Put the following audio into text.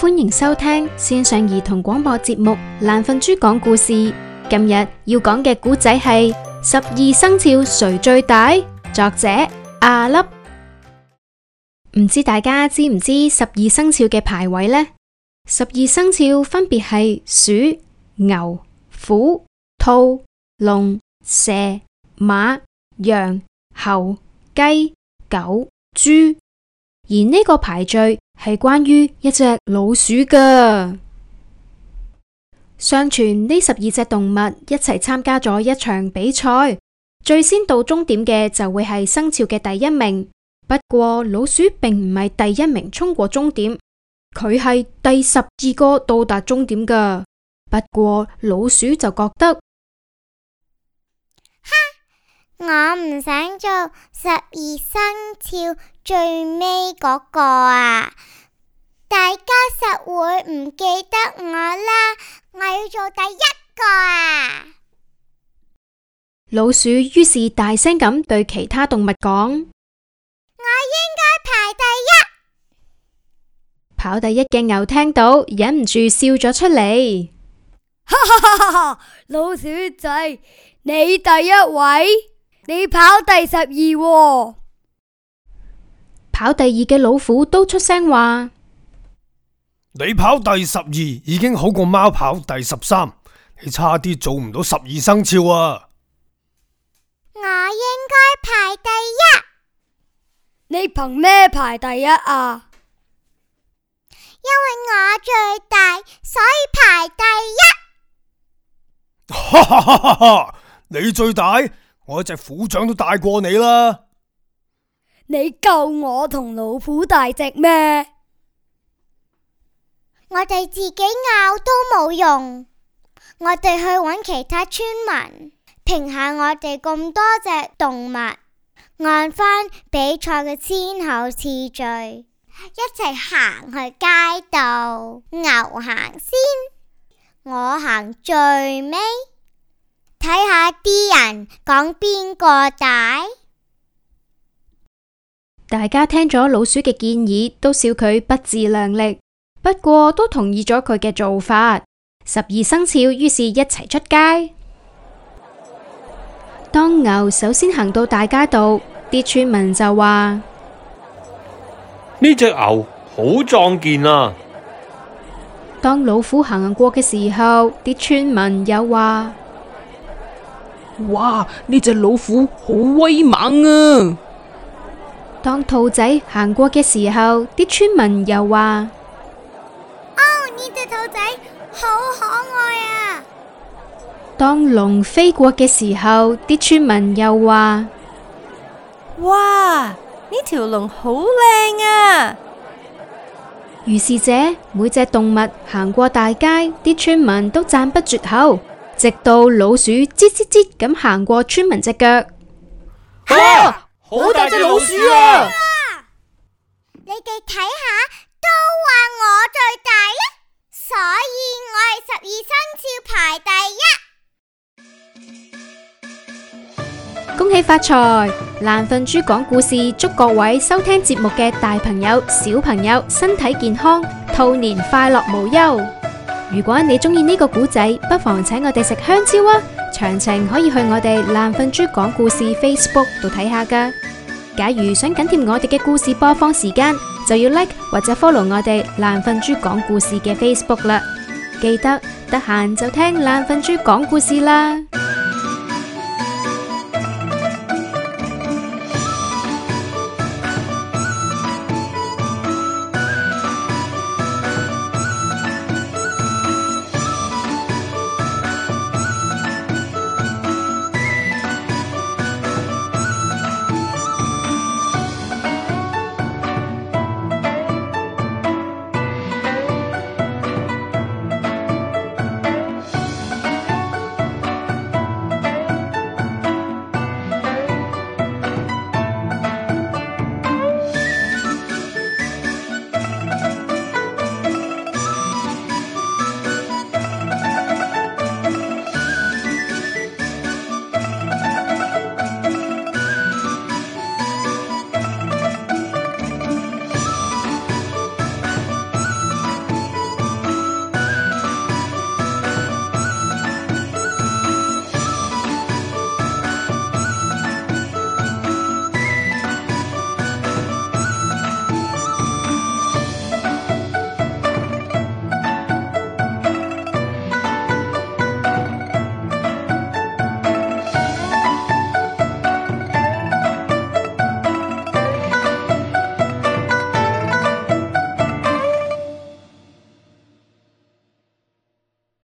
歡迎收聽線上兒童廣播節目《懶瞓豬講故事》。今日要講嘅古仔係《十二生肖誰最大》，作者阿、啊、粒。唔知大家知唔知十二生肖嘅排位呢？十二生肖分別係鼠、牛、虎、兔、龍、蛇、馬、羊、猴、雞、狗、豬，豬豬豬豬而呢個排序。係關於一隻老鼠噶。相傳呢，十二隻動物一齊參加咗一場比賽，最先到終點嘅就會係生肖嘅第一名。不過老鼠並唔係第一名衝過終點，佢係第十二個到達終點噶。不過老鼠就覺得。唔想做十二生肖最尾嗰個啊！大家實會唔記得我啦，我要做第一個啊！老鼠於是大聲咁對其他動物講：我應該排第一。跑第一嘅牛聽到，忍唔住笑咗出嚟，哈哈哈哈哈！老鼠仔，你第一位。你跑，哦、跑你跑第十二，跑第二嘅老虎都出聲話：你跑第十二已經好過貓跑第十三，你差啲做唔到十二生肖啊！我應該排第一，你憑咩排第一啊？因為我最大，所以排第一。哈哈哈！哈，你最大？我一隻虎掌都大過你啦！你救我同老虎大隻咩？我哋自己咬都冇用，我哋去搵其他村民，評下我哋咁多隻動物，按翻比賽嘅先後次序，一齊行去街道，牛行先，我行最尾。睇下啲人講邊個大？大家聽咗老鼠嘅建議，都笑佢不自量力，不過都同意咗佢嘅做法。十二生肖於是一齊出街。當牛首先行到大街度，啲村民就話：呢隻牛好壯健啊！當老虎行過嘅時候，啲村民又話。哇！呢隻老虎好威猛啊！當兔仔行過嘅時候，啲村民又話：哦，呢隻兔仔好可愛啊！當龍飛過嘅時候，啲村民又話：哇！呢條龍好靚啊！如是者，每隻動物行過大街，啲村民都讚不絕口。直到老鼠吱吱吱咁行過村民隻腳，吓！好大隻老鼠啊！你哋睇下，都話我最大，所以我係十二生肖排第一。恭喜發財！懶瞓豬講故事，祝各位收聽節目嘅大朋友、小朋友身體健康，兔年快樂無憂。如果你中意呢個古仔，不妨請我哋食香蕉啊！詳情可以去我哋爛瞓豬講故事 Facebook 度睇下㗎。假如想緊貼我哋嘅故事播放時間，就要 like 或者 follow 我哋爛瞓豬講故事嘅 Facebook 啦。記得，得閒就聽爛瞓豬講故事啦。